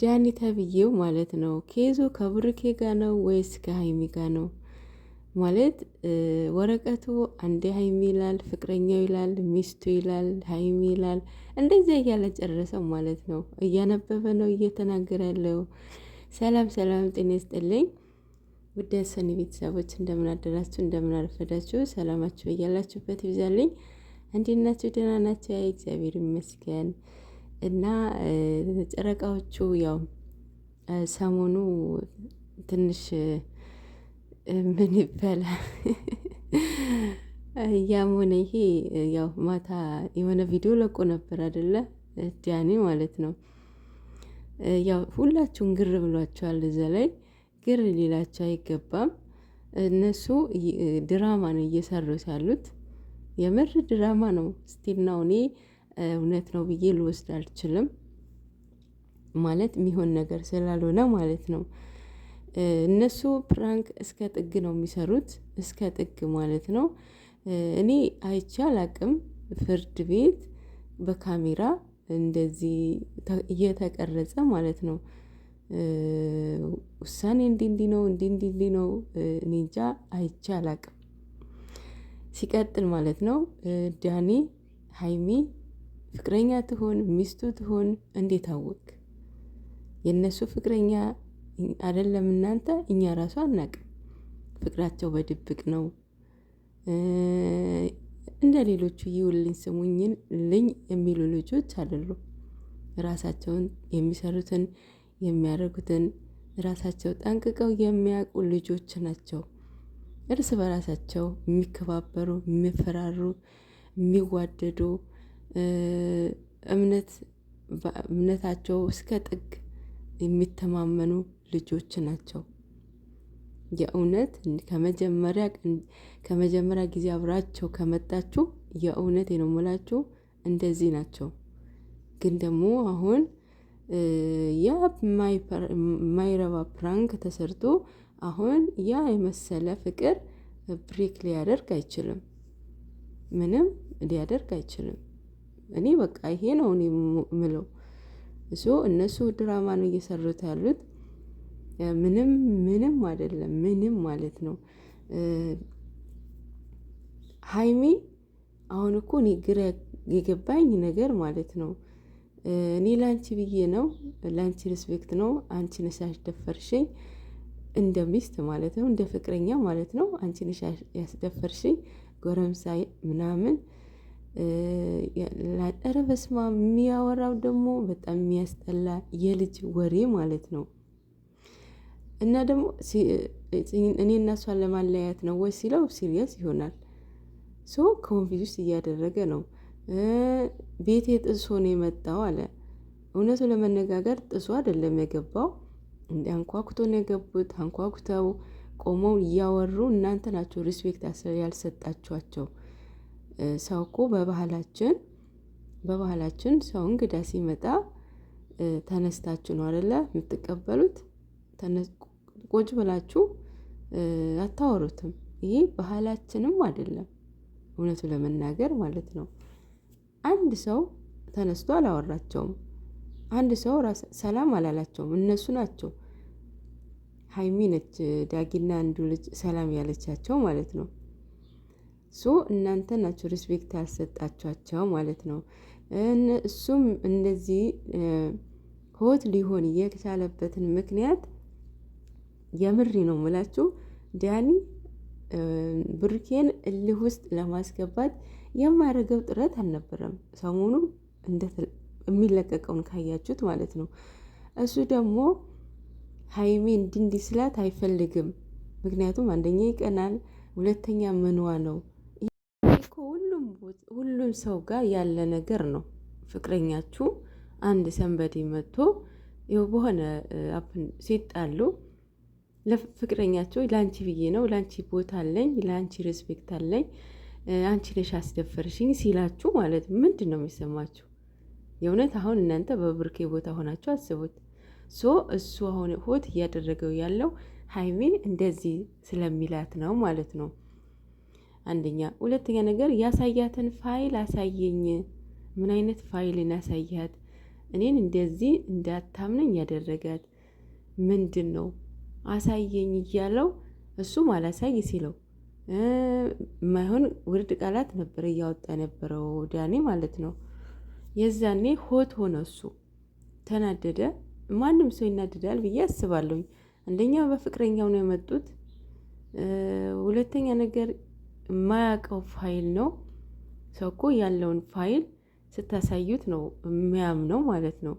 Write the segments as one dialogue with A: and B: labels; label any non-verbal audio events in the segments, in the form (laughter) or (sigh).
A: ዳኒ ተብዬው ማለት ነው ኬዙ ከብሩኬ ጋ ነው ወይስ ከሀይሚ ጋ ነው? ማለት ወረቀቱ አንዴ ሀይሚ ይላል፣ ፍቅረኛው ይላል፣ ሚስቱ ይላል፣ ሀይሚ ይላል። እንደዚያ እያለ ጨረሰው ማለት ነው። እያነበበ ነው እየተናገረ ያለው። ሰላም ሰላም፣ ጤና ይስጥልኝ ውድ ሰኒ ቤተሰቦች እንደምን አደራችሁ፣ እንደምን አረፈዳችሁ። ሰላማችሁ እያላችሁበት ይብዛልኝ። እንዴት ደህና ናችሁ? እግዚአብሔር ይመስገን። እና ጨረቃዎቹ ያው ሰሞኑ ትንሽ ምን ይባላል (laughs) ያም ሆነ ይሄ ያው ማታ የሆነ ቪዲዮ ለቆ ነበር አይደለ? ዲያኔ ማለት ነው። ያው ሁላችሁም ግር ብሏቸዋል። እዛ ላይ ግር ሌላቸው አይገባም። እነሱ ድራማ ነው እየሰሩት ያሉት። የምር ድራማ ነው ስቲል ነው እኔ እውነት ነው ብዬ ልወስድ አልችልም። ማለት የሚሆን ነገር ስላልሆነ ማለት ነው። እነሱ ፕራንክ እስከ ጥግ ነው የሚሰሩት እስከ ጥግ ማለት ነው። እኔ አይቼ አላቅም ፍርድ ቤት በካሜራ እንደዚህ እየተቀረጸ ማለት ነው። ውሳኔ እንዲህ እንዲህ ነው እንዲህ እንዲህ እንዲህ ነው እኔ እንጃ አይቼ አላቅም። ሲቀጥል ማለት ነው ዳኒ ሀይሚ ፍቅረኛ ትሆን ሚስቱ ትሆን እንዴት አወቅ? የእነሱ ፍቅረኛ አይደለም እናንተ፣ እኛ ራሱ አናቅም። ፍቅራቸው በድብቅ ነው። እንደ ሌሎቹ ይውልኝ ስሙኝን ልኝ የሚሉ ልጆች አይደሉም። ራሳቸውን የሚሰሩትን የሚያደርጉትን ራሳቸው ጠንቅቀው የሚያውቁ ልጆች ናቸው። እርስ በራሳቸው የሚከባበሩ፣ የሚፈራሩ፣ የሚዋደዱ እምነት በእምነታቸው እስከ ጥግ የሚተማመኑ ልጆች ናቸው። የእውነት ከመጀመሪያ ከመጀመሪያ ጊዜ አብራቸው ከመጣችሁ የእውነት ነው የምላችሁ እንደዚህ ናቸው። ግን ደግሞ አሁን ያ ማይረባ ፕራንክ ተሰርቶ አሁን ያ የመሰለ ፍቅር ብሬክ ሊያደርግ አይችልም። ምንም ሊያደርግ አይችልም። እኔ በቃ ይሄ ነው እኔ ምለው እሱ እነሱ ድራማ ነው እየሰሩት ያሉት። ምንም ምንም አይደለም ምንም ማለት ነው። ሀይሚ አሁን እኮ እኔ ግራ የገባኝ ነገር ማለት ነው እኔ ለአንቺ ብዬ ነው ለአንቺ ሪስፔክት ነው አንቺ ነሽ ያስደፈርሽኝ እንደ ሚስት ማለት ነው እንደ ፍቅረኛ ማለት ነው አንቺ ነሽ ያስደፈርሽኝ ጎረምሳይ ምናምን ኧረ በስማም የሚያወራው ደግሞ በጣም የሚያስጠላ የልጅ ወሬ ማለት ነው። እና ደግሞ እኔ እና እሷን ለማለያየት ነው ወይ ሲለው ሲሪየስ ይሆናል። ሶ ኮንፊውዝ እያደረገ ነው። ቤቴ ጥሶ ነው የመጣው አለ። እውነቱ ለመነጋገር ጥሶ አይደለም የገባው። አንኳኩቶ ነው የገቡት። አንኳኩተው ቆመው እያወሩ እናንተ ናቸው ሪስፔክት ያልሰጣችኋቸው። ሰው እኮ በባህላችን በባህላችን ሰው እንግዳ ሲመጣ ተነስታችሁ ነው አይደለ የምትቀበሉት? ቁጭ ብላችሁ አታወሩትም። ይሄ ባህላችንም አይደለም እውነቱ ለመናገር ማለት ነው። አንድ ሰው ተነስቶ አላወራቸውም። አንድ ሰው ሰላም አላላቸውም። እነሱ ናቸው ሀይሚ ነች ዳጊና አንዱ ልጅ ሰላም ያለቻቸው ማለት ነው። ሶ እናንተ ናቸው ሪስፔክት ያልሰጣችኋቸው ማለት ነው። እሱም እንደዚህ ሆት ሊሆን የቻለበትን ምክንያት የምሪ ነው ምላችሁ ዳኒ ብሩኬን እልህ ውስጥ ለማስገባት የማያደርገው ጥረት አልነበረም። ሰሞኑ የሚለቀቀውን ካያችሁት ማለት ነው። እሱ ደግሞ ሀይሜ እንዲህ ስላት አይፈልግም። ምክንያቱም አንደኛ ይቀናል፣ ሁለተኛ ምንዋ ነው ሁሉም ሰው ጋር ያለ ነገር ነው። ፍቅረኛችሁ አንድ ሰንበዴ መጥቶ ይኸው በሆነ ሲጣሉ ለፍቅረኛቸው ለአንቺ ብዬ ነው ለአንቺ ቦታ አለኝ ለአንቺ ሬስፔክት አለኝ አንቺ ነሽ አስደፈርሽኝ ሲላችሁ ማለት ምንድን ነው የሚሰማችሁ? የእውነት አሁን እናንተ በብርኬ ቦታ ሆናችሁ አስቡት። ሶ እሱ አሁን ሆት እያደረገው ያለው ሀይሜ እንደዚህ ስለሚላት ነው ማለት ነው። አንደኛ። ሁለተኛ ነገር ያሳያትን ፋይል አሳየኝ። ምን አይነት ፋይልን ያሳያት? እኔን እንደዚህ እንዳታምነኝ ያደረጋት ምንድን ነው? አሳየኝ እያለው እሱም አላሳይ ሲለው ማይሆን ውርድ ቃላት ነበር እያወጣ ነበረው ዳኔ ማለት ነው። የዛኔ ሆት ሆነ፣ እሱ ተናደደ። ማንም ሰው ይናደዳል ብዬ አስባለሁኝ። አንደኛ በፍቅረኛው ነው የመጡት። ሁለተኛ ነገር የማያውቀው ፋይል ነው። ሰው እኮ ያለውን ፋይል ስታሳዩት ነው የሚያምነው ማለት ነው።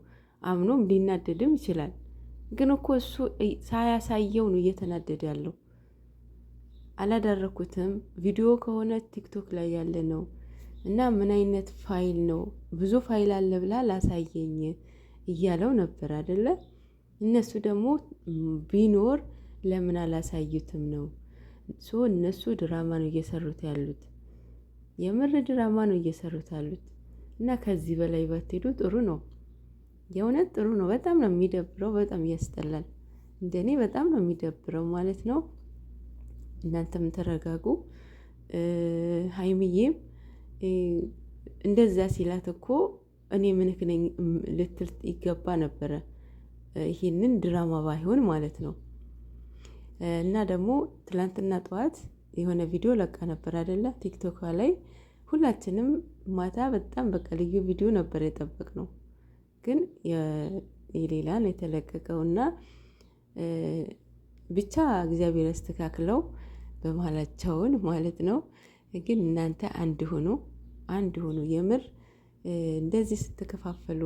A: አምኖም ሊናደድም ይችላል። ግን እኮ እሱ ሳያሳየው ነው እየተናደደ ያለው። አላደረኩትም ቪዲዮ ከሆነ ቲክቶክ ላይ ያለ ነው እና ምን አይነት ፋይል ነው? ብዙ ፋይል አለ ብላ ላሳየኝ እያለው ነበር አይደለ? እነሱ ደግሞ ቢኖር ለምን አላሳዩትም ነው ሶ እነሱ ድራማ ነው እየሰሩት ያሉት፣ የምር ድራማ ነው እየሰሩት ያሉት እና ከዚህ በላይ ባትሄዱ ጥሩ ነው። የእውነት ጥሩ ነው። በጣም ነው የሚደብረው። በጣም ያስጠላል። እንደኔ በጣም ነው የሚደብረው ማለት ነው። እናንተም ተረጋጉ። ሀይምዬም እንደዛ ሲላት እኮ እኔ ምንክነኝ ልትል ይገባ ነበረ። ይህንን ድራማ ባይሆን ማለት ነው እና ደግሞ ትላንትና ጠዋት የሆነ ቪዲዮ ለቃ ነበር አይደለ? ቲክቶክ ላይ ሁላችንም ማታ በጣም በቃ ልዩ ቪዲዮ ነበር የጠበቅ ነው። ግን የሌላን የተለቀቀው እና ብቻ እግዚአብሔር ያስተካክለው በማላቸውን ማለት ነው። ግን እናንተ አንድ ሆኖ አንድ ሆኖ የምር እንደዚህ ስትከፋፈሉ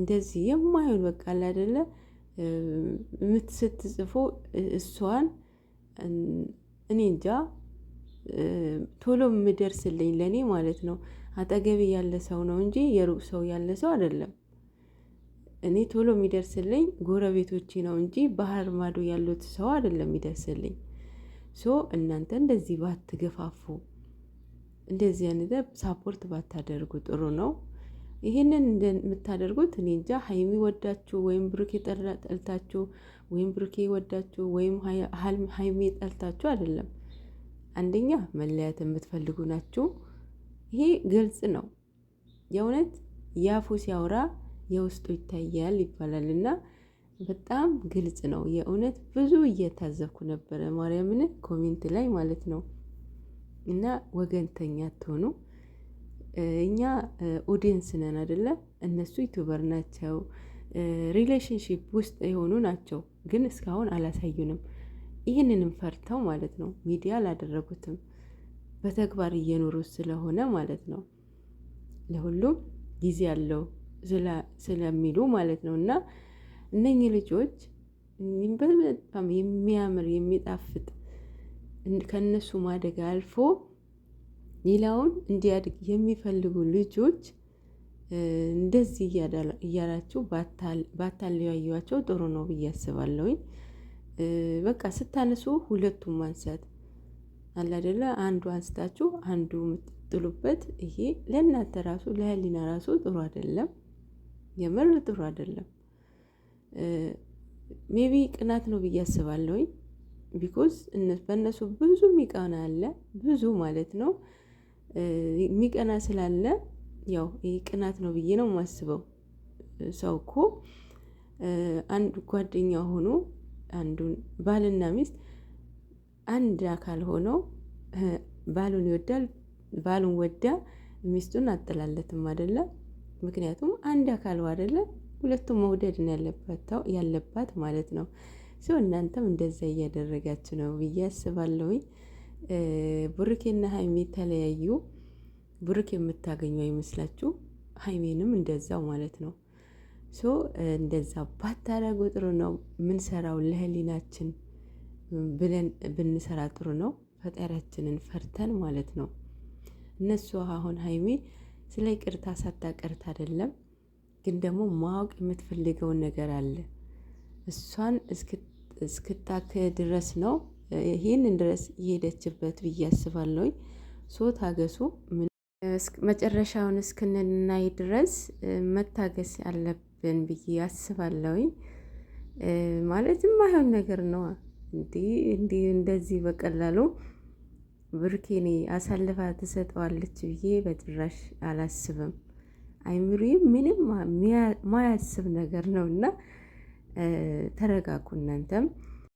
A: እንደዚህ የማይሆን በቃ አይደለ ስትጽፉ እሷን እኔ እንጃ ቶሎ የምደርስልኝ ለእኔ ማለት ነው አጠገቤ ያለ ሰው ነው እንጂ የሩቅ ሰው ያለ ሰው አይደለም። እኔ ቶሎ የሚደርስልኝ ጎረቤቶቼ ነው እንጂ ባህር ማዶ ያሉት ሰው አይደለም የሚደርስልኝ። ሶ እናንተ እንደዚህ ባትገፋፉ፣ እንደዚህ አይነት ሳፖርት ባታደርጉ ጥሩ ነው። ይህንን እንደምታደርጉት እኔ እንጃ። ሀይሚ ወዳችሁ ወይም ብሩኬ ጠልታችሁ ወይም ብሩኬ ወዳችሁ ወይም ሀይሚ ጠልታችሁ አይደለም። አንደኛ መለያት የምትፈልጉ ናችሁ። ይሄ ግልጽ ነው። የእውነት ያፉ ሲያወራ የውስጡ ይታያል ይባላል እና በጣም ግልጽ ነው። የእውነት ብዙ እየታዘብኩ ነበረ ማርያምን ኮሜንት ላይ ማለት ነው። እና ወገንተኛ ትሆኑ። እኛ ኦዲየንስ ነን አይደለ? እነሱ ዩቱበር ናቸው፣ ሪሌሽንሽፕ ውስጥ የሆኑ ናቸው፣ ግን እስካሁን አላሳዩንም። ይህንንም ፈርተው ማለት ነው ሚዲያ አላደረጉትም። በተግባር እየኖሩ ስለሆነ ማለት ነው ለሁሉም ጊዜ አለው ስለሚሉ ማለት ነው። እና እነኚህ ልጆች በጣም የሚያምር የሚጣፍጥ ከእነሱ ማደግ አልፎ ሌላውን እንዲያድግ የሚፈልጉ ልጆች እንደዚህ እያላችሁ ባታለያዩዋቸው ጥሩ ነው ብዬ አስባለሁኝ። በቃ ስታነሱ ሁለቱም ማንሳት አላደለ አንዱ አንስታችሁ አንዱ የምትጥሉበት ይሄ ለእናንተ ራሱ ለህሊና ራሱ ጥሩ አይደለም። የምር ጥሩ አይደለም። ሜቢ ቅናት ነው ብዬ አስባለሁኝ። ቢኮዝ በእነሱ ብዙ ሚቀና አለ ብዙ ማለት ነው። የሚቀና ስላለ ያው ይህ ቅናት ነው ብዬ ነው የማስበው። ሰው እኮ አንድ ጓደኛ ሆኖ አንዱን ባልና ሚስት አንድ አካል ሆነው ባሉን ይወዳል፣ ባሉን ወዳ ሚስቱን አጥላለትም አይደለም። ምክንያቱም አንድ አካል አደለ ሁለቱም መውደድ ያለባት ማለት ነው። ሲሆን እናንተም እንደዛ እያደረጋችሁ ነው ብዬ አስባለሁኝ። ብሩኬና ሀይሜ ተለያዩ። ብሩኬ የምታገኙ አይመስላችሁ፣ ሀይሜንም እንደዛው ማለት ነው። ሶ እንደዛ ባታደርጉ ጥሩ ነው። ምንሰራው ለህሊናችን ብለን ብንሰራ ጥሩ ነው። ፈጣሪያችንን ፈርተን ማለት ነው። እነሱ አሁን ሀይሜ ስለ ሳታ ቀርት አይደለም፣ ግን ደግሞ ማወቅ የምትፈልገውን ነገር አለ እሷን እስክታክ ድረስ ነው ይህንን ድረስ የሄደችበት ብዬ አስባለሁኝ። ሶ ታገሱ። መጨረሻውን እስክንናይ ድረስ መታገስ አለብን ብዬ አስባለሁኝ። ማለት የማይሆን ነገር ነው እንዲህ እንደዚህ በቀላሉ ብርኬኔ አሳልፋ ትሰጠዋለች ብዬ በጭራሽ አላስብም። አይምሪ ምንም ማያስብ ነገር ነው እና ተረጋጉ እናንተም